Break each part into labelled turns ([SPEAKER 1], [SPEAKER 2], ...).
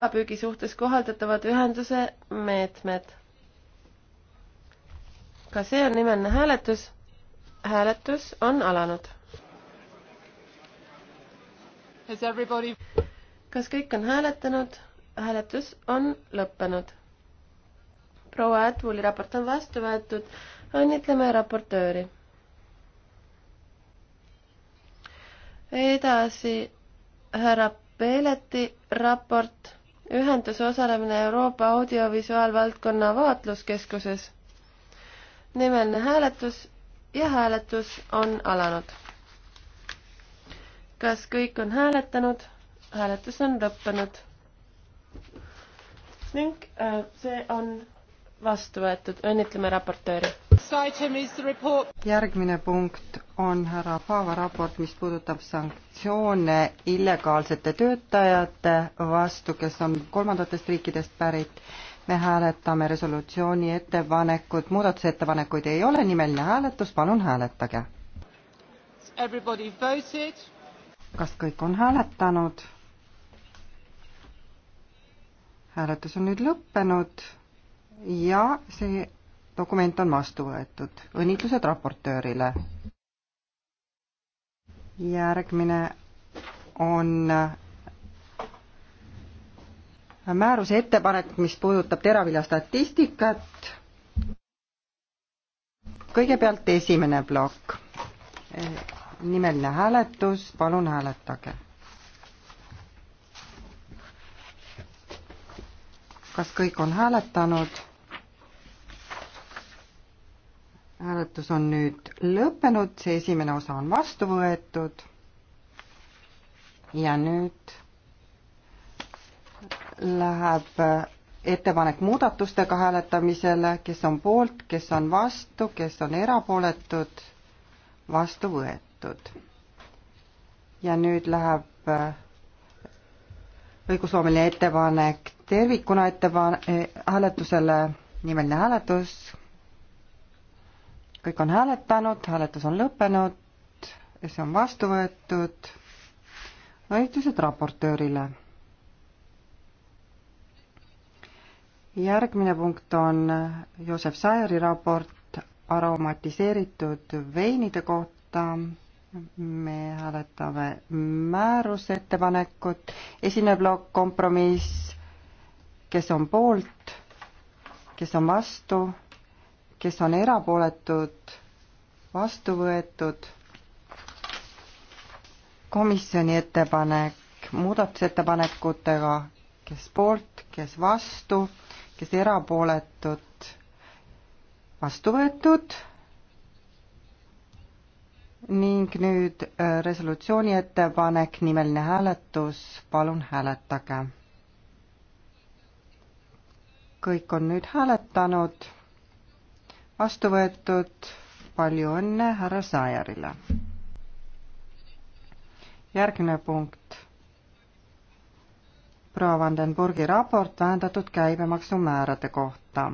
[SPEAKER 1] kalapüügi suhtes kohaldatavad ühenduse meetmed. ka see on nimeline hääletus. hääletus on alanud. Everybody... kas kõik on hääletanud? hääletus on lõppenud. proua Atwooli raport on vastu võetud. õnnitleme raportööri. edasi härra Peeleti raport ühenduse osalemine Euroopa audiovisuaalvaldkonna vaatluskeskuses. nimeline hääletus ja hääletus on alanud. kas kõik on hääletanud? hääletus on lõppenud. ning äh, see on vastu võetud, õnnitleme raportööri. järgmine punkt on härra Paava raport, mis puudutab sanktsioone illegaalsete töötajate vastu, kes on kolmandatest riikidest pärit. me hääletame resolutsiooni ettepanekut, muudatusettepanekuid ei ole, nimeline hääletus, palun hääletage. kas kõik on hääletanud? hääletus on nüüd lõppenud ja see dokument on vastu võetud. õnnitlused raportöörile järgmine on äh, määruse ettepanek, mis puudutab teraviljastatistikat. kõigepealt esimene plokk, e, nimeline hääletus, palun hääletage. kas kõik on hääletanud? hääletus on nüüd lõppenud, see esimene osa on vastu võetud. ja nüüd läheb ettepanek muudatustega hääletamisele, kes on poolt, kes on vastu, kes on erapooletud, vastu võetud. ja nüüd läheb õigusloomeline ettepanek tervikuna ettepan-, eh, hääletusele, nimeline hääletus kõik on hääletanud, hääletus on lõppenud, see on vastu võetud. õigused raportöörile. järgmine punkt on Joosep Saeri raport aromatiseeritud veinide kohta. me hääletame määruse ettepanekut, esimene plokk kompromiss, kes on poolt, kes on vastu kes on erapooletud, vastu võetud. komisjoni ettepanek muudatusettepanekutega, kes poolt, kes vastu, kes erapooletud, vastu võetud. ning nüüd äh, resolutsiooni ettepanek, nimeline hääletus, palun hääletage kõik on nüüd hääletanud vastu võetud, palju õnne härra Saajarile. järgmine punkt. proua Vandenburgi raport vähendatud käibemaksumäärade kohta.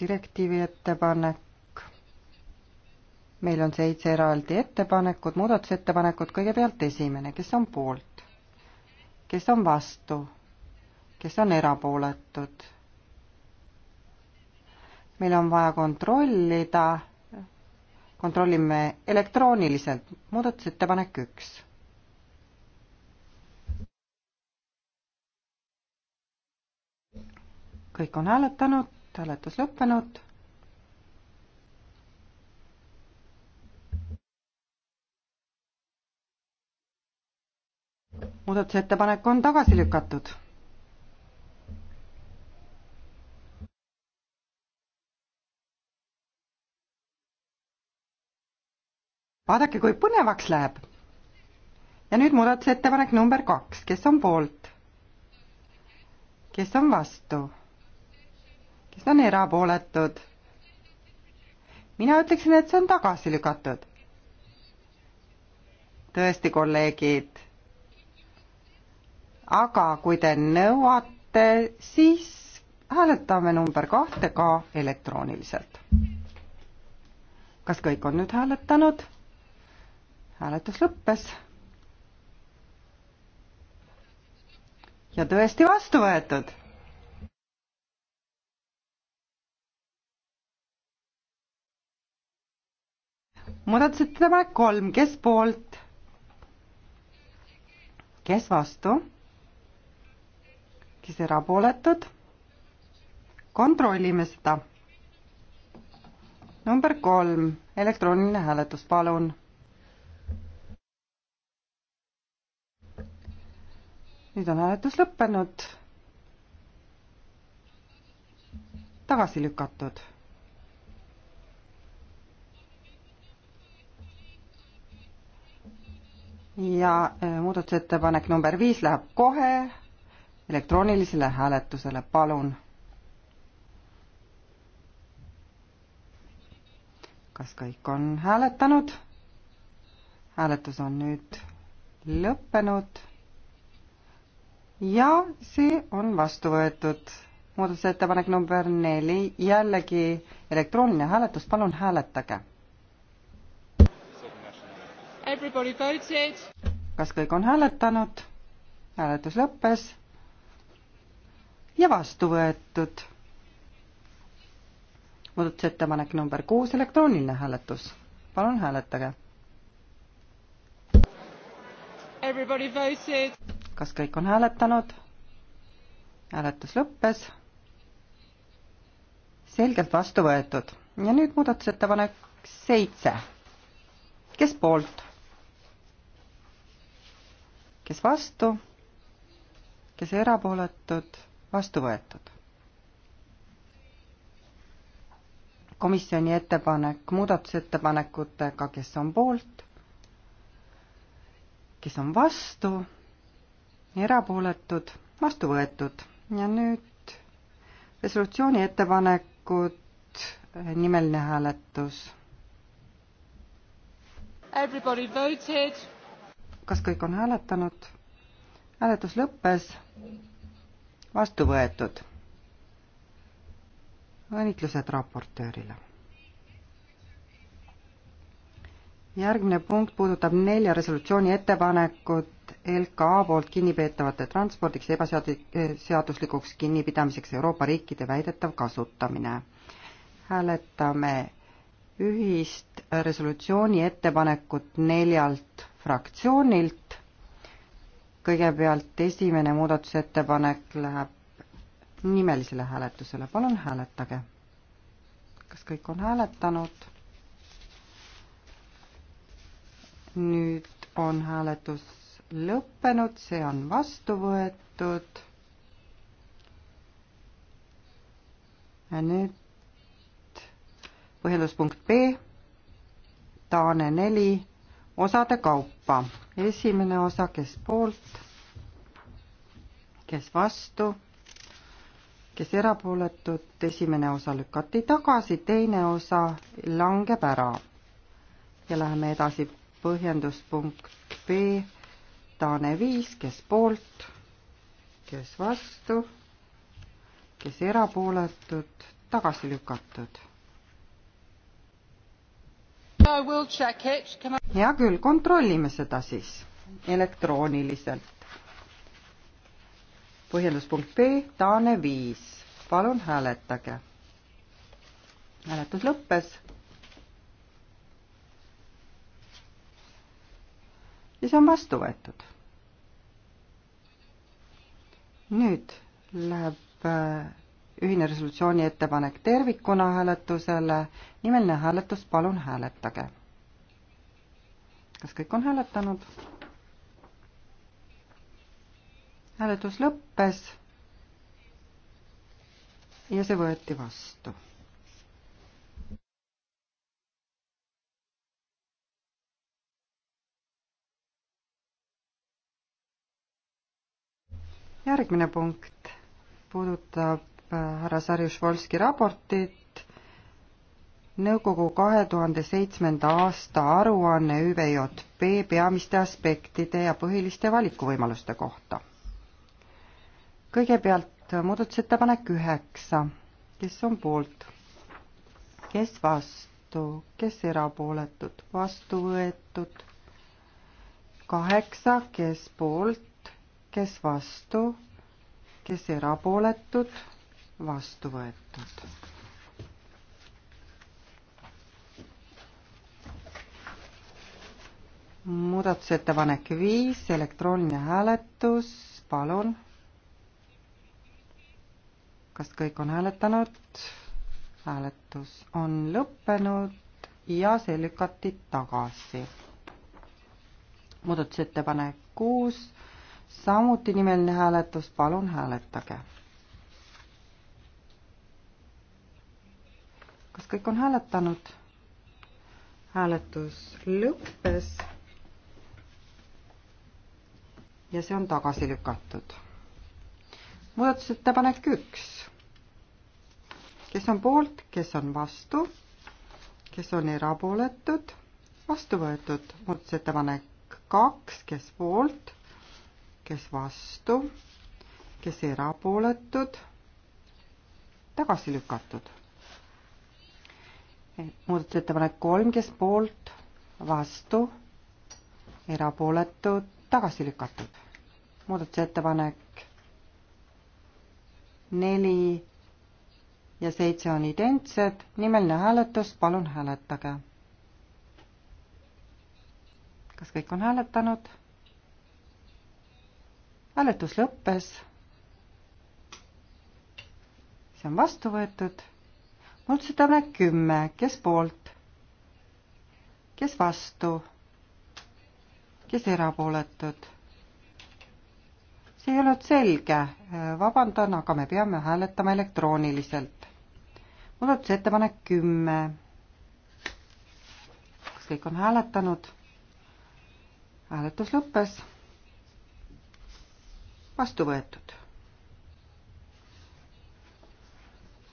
[SPEAKER 1] direktiivi ettepanek meil on seitse eraldi ettepanekut, muudatusettepanekut, kõigepealt esimene, kes on poolt, kes on vastu, kes on erapooletud meil on vaja kontrollida, kontrollime elektrooniliselt, muudatusettepanek üks. kõik on hääletanud, hääletus lõppenud muudatusettepanek on tagasi lükatud vaadake, kui põnevaks läheb. ja nüüd muudatusettepanek number kaks, kes on poolt? kes on vastu? kes on erapooletud? mina ütleksin, et see on tagasi lükatud. tõesti, kolleegid. aga kui te nõuate, siis hääletame number kahte ka elektrooniliselt. kas kõik on nüüd hääletanud? hääletus lõppes. ja tõesti vastu võetud. muudatusettepanek kolm, kes poolt? kes vastu? kes erapooletud? kontrollime seda. number kolm, elektrooniline hääletus, palun nüüd on hääletus lõppenud. tagasi lükatud. ja äh, muudatusettepanek number viis läheb kohe elektroonilisele hääletusele, palun. kas kõik on hääletanud? hääletus on nüüd lõppenud ja see on vastu võetud. muudatusettepanek number neli, jällegi elektrooniline hääletus, palun hääletage. kas kõik on hääletanud? hääletus lõppes ja vastu võetud. muudatusettepanek number kuus, elektrooniline hääletus. palun hääletage kas kõik on hääletanud? hääletus lõppes. selgelt vastu võetud ja nüüd muudatusettepanek seitse. kes poolt? kes vastu? kes erapooletud? vastu võetud. komisjoni ettepanek muudatusettepanekutega, kes on poolt, kes on vastu erapooletud, vastu võetud ja nüüd resolutsiooni ettepanekud, eh, nimeline hääletus. kas kõik on hääletanud? hääletus lõppes, vastu võetud. õnnitlused raportöörile järgmine punkt puudutab nelja resolutsiooni ettepanekut LKA poolt kinnipeetavate transpordiks ja ebaseaduslikuks eh, kinnipidamiseks Euroopa riikide väidetav kasutamine. hääletame ühist resolutsiooni ettepanekut neljalt fraktsioonilt. kõigepealt esimene muudatusettepanek läheb nimelisele hääletusele, palun hääletage. kas kõik on hääletanud? nüüd on hääletus lõppenud, see on vastu võetud. ja nüüd põhjenduspunkt B, Taane neli, osade kaupa. esimene osa, kes poolt, kes vastu, kes erapooletud, esimene osa lükati tagasi, teine osa langeb ära. ja läheme edasi põhjenduspunkt B, Taane viis, kes poolt, kes vastu, kes erapooletud, tagasi lükatud. hea küll, kontrollime seda siis elektrooniliselt. põhjenduspunkt B, Taane viis, palun hääletage. hääletus lõppes ja see on vastu võetud. nüüd läheb äh, ühine resolutsiooni ettepanek tervikuna hääletusele, nimeline hääletus, palun hääletage. kas kõik on hääletanud? hääletus lõppes ja see võeti vastu järgmine punkt puudutab äh, härra Sarjušvolski raportit nõukogu kahe tuhande seitsmenda aasta aruanne ÜVJP peamiste aspektide ja põhiliste valikuvõimaluste kohta. kõigepealt muudatusettepanek üheksa, kes on poolt, kes vastu, kes erapooletud, vastu võetud, kaheksa, kes poolt, kes vastu, kes erapooletud, vastu võetud. muudatusettepanek viis, elektrooniline hääletus, palun. kas kõik on hääletanud? hääletus on lõppenud ja see lükati tagasi. muudatusettepanek kuus samuti nimeline hääletus, palun hääletage. kas kõik on hääletanud? hääletus lõppes ja see on tagasi lükatud. muudatusettepanek üks. kes on poolt, kes on vastu, kes on erapooletud, vastu võetud. muudatusettepanek kaks, kes poolt kes vastu, kes erapooletud, tagasi lükatud. muudatusettepanek kolm, kes poolt, vastu, erapooletud, tagasi lükatud. muudatusettepanek neli ja seitse on identsed, nimeline hääletus, palun hääletage. kas kõik on hääletanud? hääletus lõppes. see on vastu võetud. muudatusettepanek kümme, kes poolt? kes vastu? kes erapooletud? see ei olnud selge, vabandan, aga me peame hääletama elektrooniliselt. muudatusettepanek kümme. kas kõik on hääletanud? hääletus lõppes vastu võetud.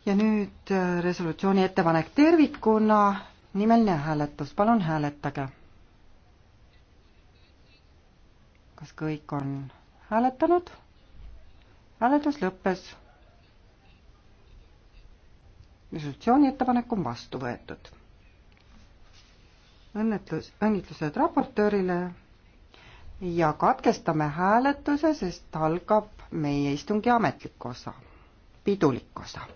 [SPEAKER 1] ja nüüd äh, resolutsiooni ettepanek tervikuna, nimeline hääletus, palun hääletage. kas kõik on hääletanud? hääletus lõppes. resolutsiooni ettepanek on vastu võetud õnnetlus, õnnitlused raportöörile ja katkestame hääletuse, sest algab meie istungi ametlik osa, pidulik osa